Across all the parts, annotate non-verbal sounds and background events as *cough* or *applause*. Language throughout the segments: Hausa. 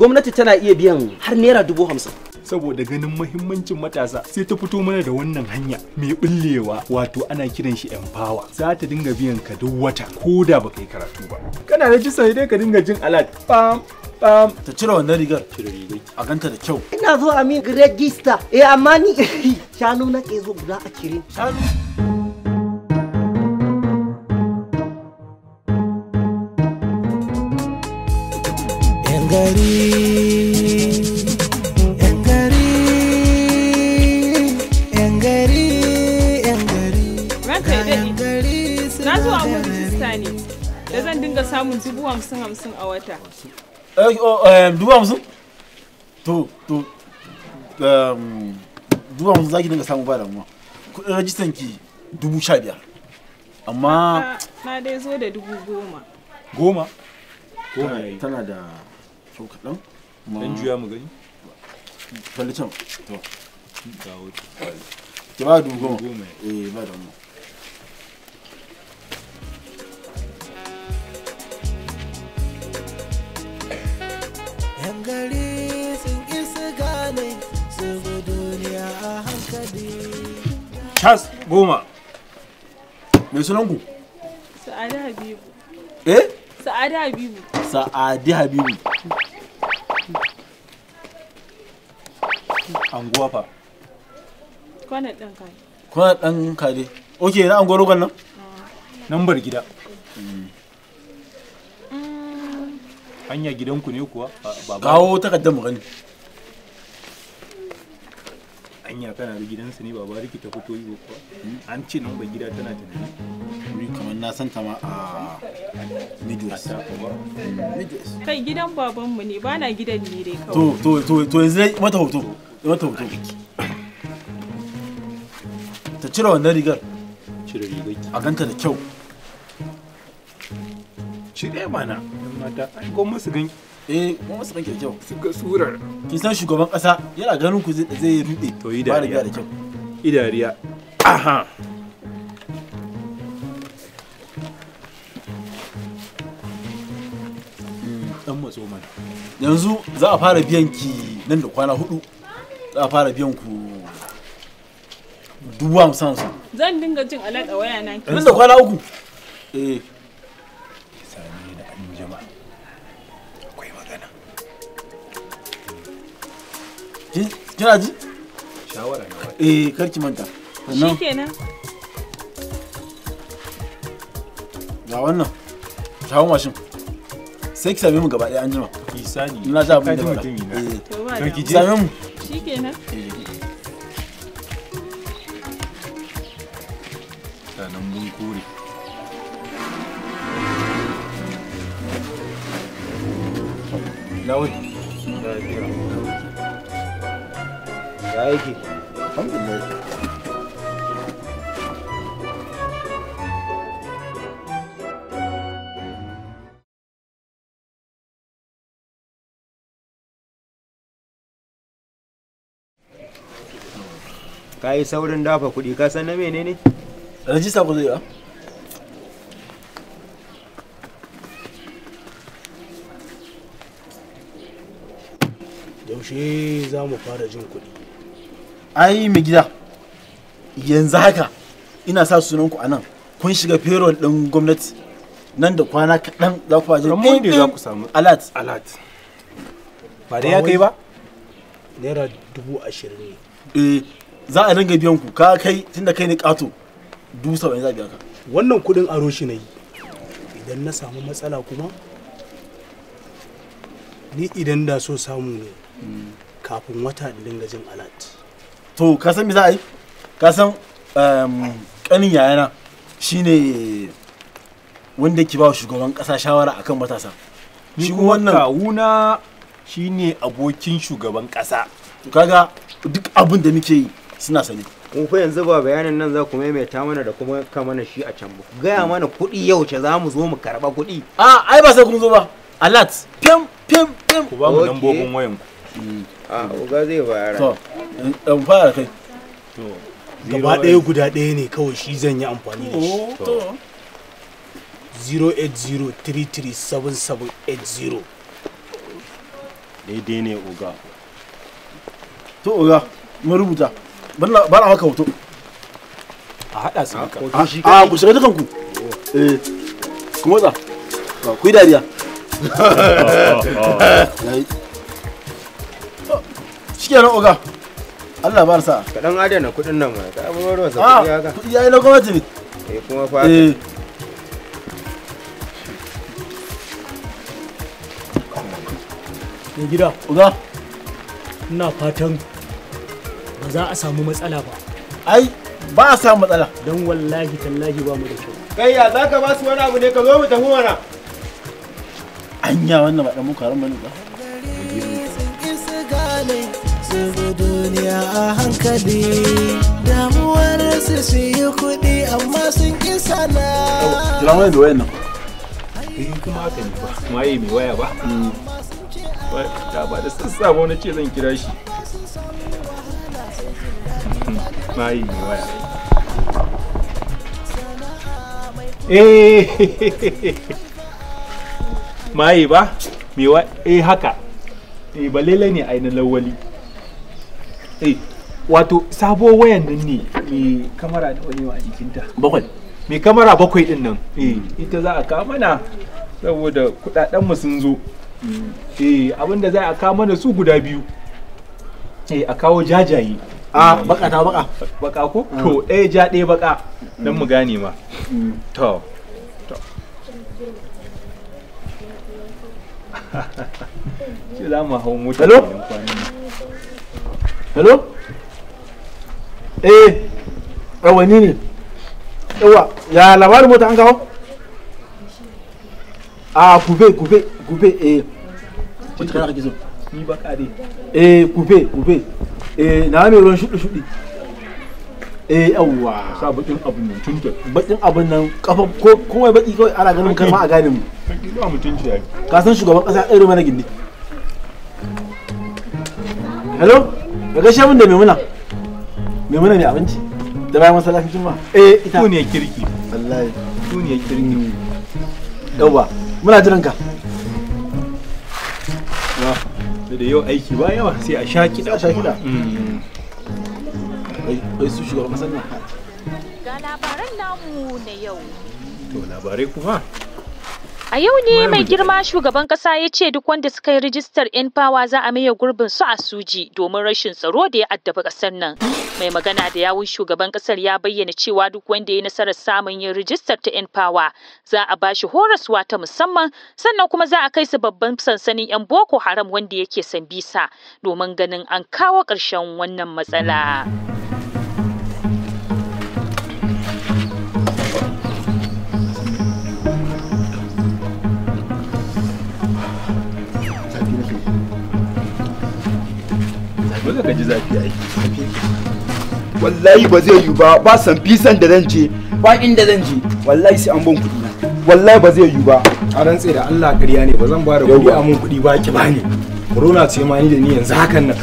gwamnati tana iya biyan har naira dubu hamsin saboda ganin mahimmancin matasa sai ta fito mana da wannan hanya mai bullewa wato ana kiran shi empower za ta dinga biyan ka duk wata ko da baka yi karatu ba kana rajista dai ka dinga jin alat pam Um, ta cire wannan rigar cire rigar a ganta da kyau ina zo a min register eh amma ni *laughs* shanu na ke zo guda a cire shanu gari na zo a ne da zan dinga samun dubu hamsin hamsin a wata eh, oh, eh, dubu hamsin to to um, dubu hamsin zaki dinga samu ba da damuwa kuɗin rajistan ki dubu sha amma na dai zo da dubu goma goma goma eh, tana da so kaɗan ɗan juya mu gani kalli can to ga wuce ki ba dubu goma eh ba da mu yan gari sun isa gane su bi duniya a hankali chas goma mai sunan ku sa'ada habibu eh sa'ada habibu sa'adi habibu anguwa fa kwanan ɗan kare kwanan ɗan kare ok na anguwa rogon nan ah. nambar gida mm. hanya gidanku ne kuwa kawo ta kaddam gani hanya kana da gidansu ne baba riki ta fito yi kuwa hmm? an ce nambar gida tana tafi wuri kamar na san ta ma a midwest hmm. kai gidan babanmu ne ba na gidan ne dai kawai to to to yanzu mata hoto mata hoto ta cire wannan rigar cire rigar a ganta da kyau cire mana yan mata ai gwamma su ganki eh gwamma su ganki da kyau su ga surar kin san shugaban kasa yana ganin ku zai rude to yi dariya da kyau idariya aha dan matso mana yanzu za a fara biyan ki nan da kwana hudu a fara biyan ku dubu hamsin su zan dinga jin a waya na ke da kwana uku eh sami da an jima akwai magana kina ji shawara na wata eh karki manta shikenan ga wannan shawo mashin sai ki same mu gaba ɗaya an jima isani ina ji abin da ba to ba ki same mu shi kenan mun kore lawai lafiya ka yi saurin dafa kuɗi ka san na menene rajista ku zai ba yaushe za mu fara jin kuɗi ai mai gida yanzu haka ina sa sunanku ku anan kun shiga payroll ɗin gwamnati nan da kwana kaɗan za ku fara jin kuɗi za ku samu alat alat ba dai ya kai ba naira dubu ashirin ne eh za a dinga biyan ku ka kai tunda kai ne kato du wani za biya ka wannan kudin aro shi na yi idan na samu matsala kuma ni idan da so samu ne kafin wata da dinga jin alat to ka san me za a yi ka san kanin ehm, yayana shine wanda ke ba shugaban kasa shawara akan matasa shi wannan kawuna shine abokin shugaban kasa kaga duk abin da muke yi suna sani in ku yanzu ba bayanin nan za ku maimaita mana da kuma ka mana shi a can ba gaya mana kuɗi yau ce za mu zo mu karɓa kuɗi a ai ba sai kun zo ba alat fim fim fim ku ba mu bogon wayan ku hmm. a uga zai eh, fara. to dan fara kai to gaba ɗaya guda ɗaya ne kawai shi zan yi amfani da shi oh, to 080337780 daidai ne uga to uga rubuta. bana bana maka hoto a hada su a ku shiga dukan ku eh ku motsa ku yi dariya shikenan oga Allah ba sa ka dan adana kuɗin nan ma ka abu ruwa sa kudi haka kudi yayi na gwamnati ne eh kuma fa eh gida oga ina fatan za a samu matsala ba ai ba a samu matsala don wallahi tallahi ba mu da kyau kai ya za ka ba su wani abu ne ka zo mu tafi mana anya wannan ba dan muka haram bane ba zubu duniya a hankali damuwar su su yi kuɗi amma sun da wayan nan in eh, kuma haka ne ba yi mai waya mm. ba ta ba da sassa ba wani ce zan kira shi na yi waya mayi ba mai wa eh haka eh ba lele ne ainihin lawali eh wato sabo wayan nan ne mai kamara da wani a jikinta bakwai mai kamara bakwai din nan eh ita za a kawo mana saboda kudaden mu sun zo mm. eh abinda za a kawo mana su guda biyu eh a kawo jajaye a baka ta baka baka ko to ɗaya eh, ja ɗaya baka don mu gane ma mm. to to ce *laughs* za mu hau mota hello hello eh rawani ne yawa ya labarin mota an kawo a kube kube kube eh ni baka dai eh kube kube eh na mai ruwan shuɗi shuɗi eh yawwa sa bakin abun nan tunke bakin abun nan kafa ko kuma baki kawai ana ganin kai ma a gane mu ba mutunci ai ka san shugaban kasa ɗaya mana gindi hello ka gaishe min da maimuna muna ne abinci da bayan masallacin juma'a eh ita ku ne kirki wallahi ku ne kirki yawwa muna jiran ka Yeah. da yau aiki ba yawa sai a sha kiɗa sha kiɗa bai mm. su shugaban ƙasar ga labaran namu na yau to labarai kuma A yau ne mai girma shugaban kasa ya ce duk wanda suka yi rijistar 'yan fawa za a maye gurbin su a suji domin rashin tsaro da ya addaba kasar nan. Mai magana da yawun shugaban kasar ya bayyana cewa duk wanda ya nasarar samun yin rijistar ta 'yan fawa za a bashi horaswa ta musamman sannan kuma za a kai su babban sansanin 'yan Boko Haram wanda yake Sambisa domin ganin an kawo ƙarshen wannan matsala. ka zafi ai wallahi ba zai yiwu ba ba san fisan da zan je ba inda zan je wallahi sai an bon kuɗi wallahi ba zai yiwu ba a rantse da Allah ƙarya ne ba zan ba da kuɗi a mun kuɗi ba ki bani corona ce ma ni da ni yanzu hakan nan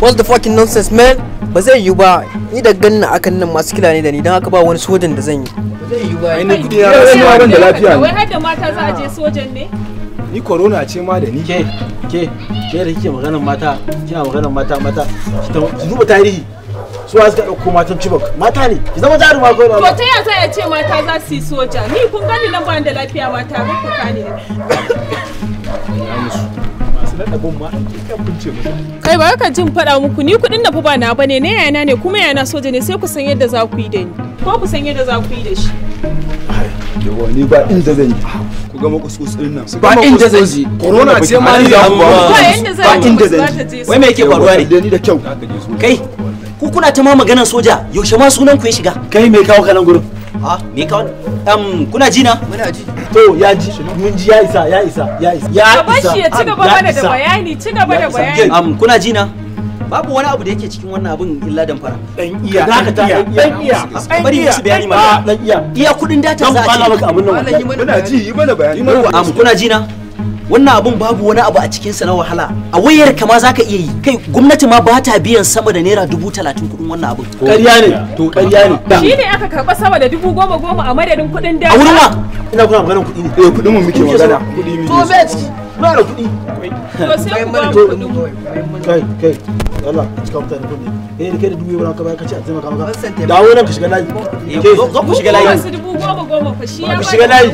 what's the fucking nonsense man ba zai yiwu ba ni da ganna akan nan masu kila ne da ni don haka ba wani sojan da zan yi ba zai yiwu ba ni kuɗi na rantse da lafiya ne wai har da mata za a je sojan ne ni corona ce ma da ni ke ke ke da kike maganar mata kina maganar mata mata ki duba tarihi su wa suka dauko matan cibok mata ne ki zama jaruma ko ba to ta yasa ya ce mata za su yi soja ni kun gani nan ba da lafiya mata ba ku kane kai ba ka jin faɗa muku ni kuɗin da fa ba na bane ne yana ne kuma yana soja ne sai ku san yadda za ku yi da ni ko ku san yadda za ku yi da shi yawa ni ba inda zan yi ku gama kuskus din nan ba inda zan yi corona ce ma ni da ba inda zan yi wai me yake faruwa ne da ni da kyau kai ku kuna ta ma maganar soja yaushe ma sunan ku ya shiga kai me kawo ka nan gurin ha me kawo um kuna ji na muna ji to ya ji mun ji ya isa ya isa ya isa ya isa ya ci gaba ah, da bayani ci gaba da bayani um kuna ji na babu wani abu da yake cikin wannan abin illa damfara dan iya dan iya dan iya bari mu ci bayani dan iya iya kudin data za a ci maka abin nan kuna ji yi mana bayani am kuna ji na wannan abun babu wani abu a cikin sa na wahala a wayar kama zaka iya yi kai gwamnati ma ba ta biyan sama da naira dubu talatin kudin wannan abun ƙarya ne to ƙarya ne shi ne aka karɓa sama da dubu goma goma a madadin kudin data a wurin ma. ina kuna maganar ne eh, mu muke magana to bai ciki Ba da kuɗi. Kai kai kai yalla ka cika ne kuɗi. Eh da kai da dubu yau ka bayar ka ce a taimaka da Dawo nan ka shiga layi. Eh, Ke zo ku shiga layi. ya ba. Ku shiga layi.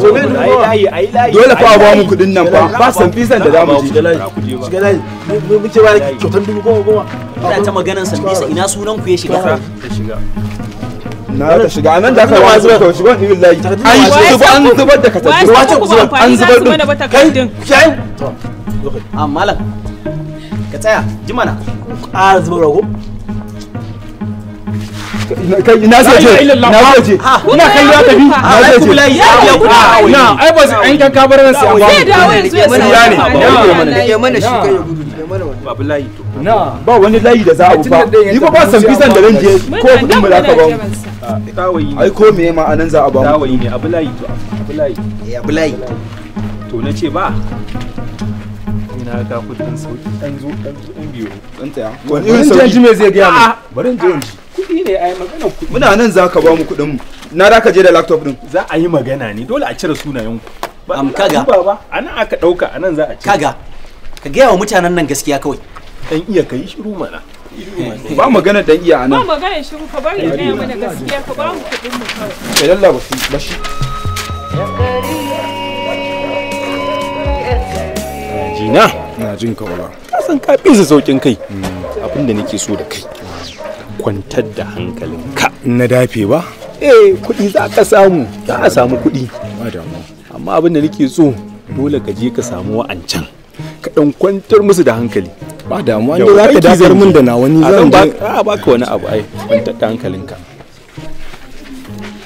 To me dubu layi. Dole fa ba mu kuɗin nan fa. Ba san fisan da zamu Shiga layi. Mu ce ba goma goma. Ina ta san fisa ina sunan ku ya shiga. Ka shiga. na ta shiga nan da aka wani zuba kawai shiga wani billahi an zuba an zubar da katabin wace kuma zuba an zubar da kai kai a ah, malam ka tsaya ji mana ƙara zubar rago kai na sai ce na waje ina kai ya tafi na sai ce na ai ba sai an kan kabar nan sai an ba ya ne shi kai ya gudu babu layi to na ba wani layi da za a ba ni ba ba san bisan da zan je ko kudin mu da ka ba mu Dawayi. Ai ko me ma anan za a ba mu. ne Abulayi to Abulayi. Eh Abulayi. To na ce ba. Ina ga kudin sauki dan zo dan zo dan biyo. Dan taya. irin sauki. me zai ga mu. Bari in je Kudi ne ai kudi. Muna nan za ka ba mu kudin mu. Na da ka je da laptop din. Za a yi magana ne dole a cire sunayen ku. Am kaga. Ba anan aka dauka anan za a cire. Kaga. Ka gaya wa mutanen nan gaskiya kawai. Dan iya kai shiru mana. ba magana dan iya anan ba magana shi ka bari ne mu da gaskiya ka ba mu kudin mu kawai ya lalla ba shi jina na jin ka wala ka san ka bi saukin kai abin da nake so da kai kwantar da hankalin ka na dafe ba eh kuɗi za ka samu za a samu kuɗi amma abin da nake so dole ka je ka samu wa'ancan ka dan kwantar musu da hankali ba damuwa ne za ka dakar mun da na wani zan ba a baka wani abu ai kwanta da hankalinka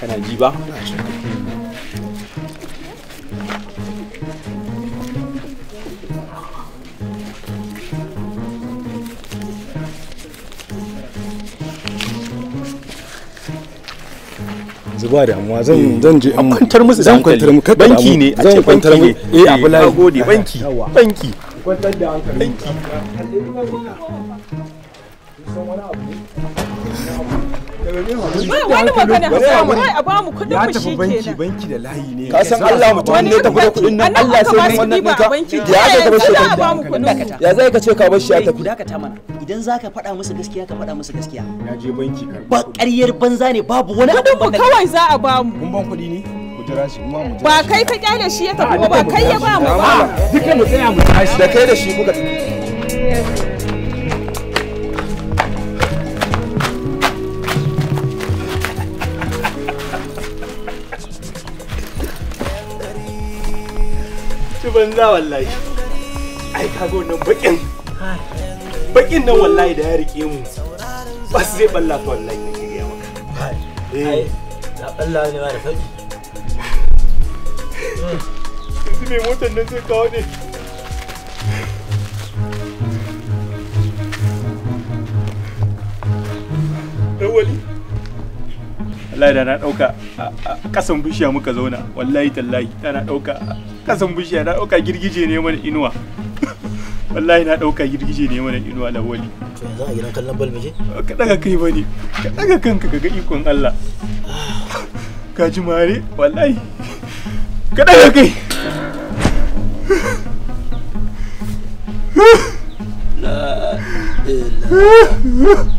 kana ji ba zuba damuwa zan eh, zan je a kwantar musu zan kwantar mu kada banki ne a ce banki ne eh, eh abu layi banki banki kwantar da hankali banki wani magana hasamu wai a bamu kuɗin mu shi banki banki da layi ne ka san Allah mutum ne ta fara kuɗin nan Allah sai mun wannan ɗinka ya zai ka bashi kuɗin ya zai ka ce ka bashi ya tafi dakata mana idan zaka faɗa musu gaskiya ka faɗa musu gaskiya ya je banki ka ba ƙaryar banza ne babu wani abu wanda kawai za a bamu kun ban kuɗi ne ba kai ka kyale shi ya tafi ba kai ya ba mu ba duka mu tsaya mu tashi da kai da shi muka tafi banza wallahi ai kaga wannan bakin bakin nan wallahi da ya rike mu ba su zai balla ta wallahi eh. da ke maka na balla ne ba da faɗi yanzu mai motar nan zai kawo ne lawali wallahi da na dauka kasan bishiya muka zauna wallahi tallahi da na dauka kasan bishiya na dauka girgije ne mana inuwa *laughs* wallahi na dauka girgije ne mana inuwa wali to yanzu a gidan kallon bal muke ka daga kai bane ka daga kanka ka ga ikon Allah ah. ka ji mare wallahi ka daga kai la ilaha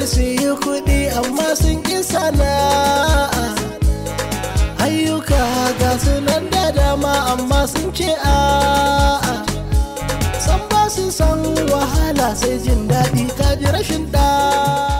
su su yi kuɗi amma sun ƙi sana'a ayyuka ga sunan da dama amma sun ce a'a san ba su san wahala sai jin daɗi ji rashin ɗa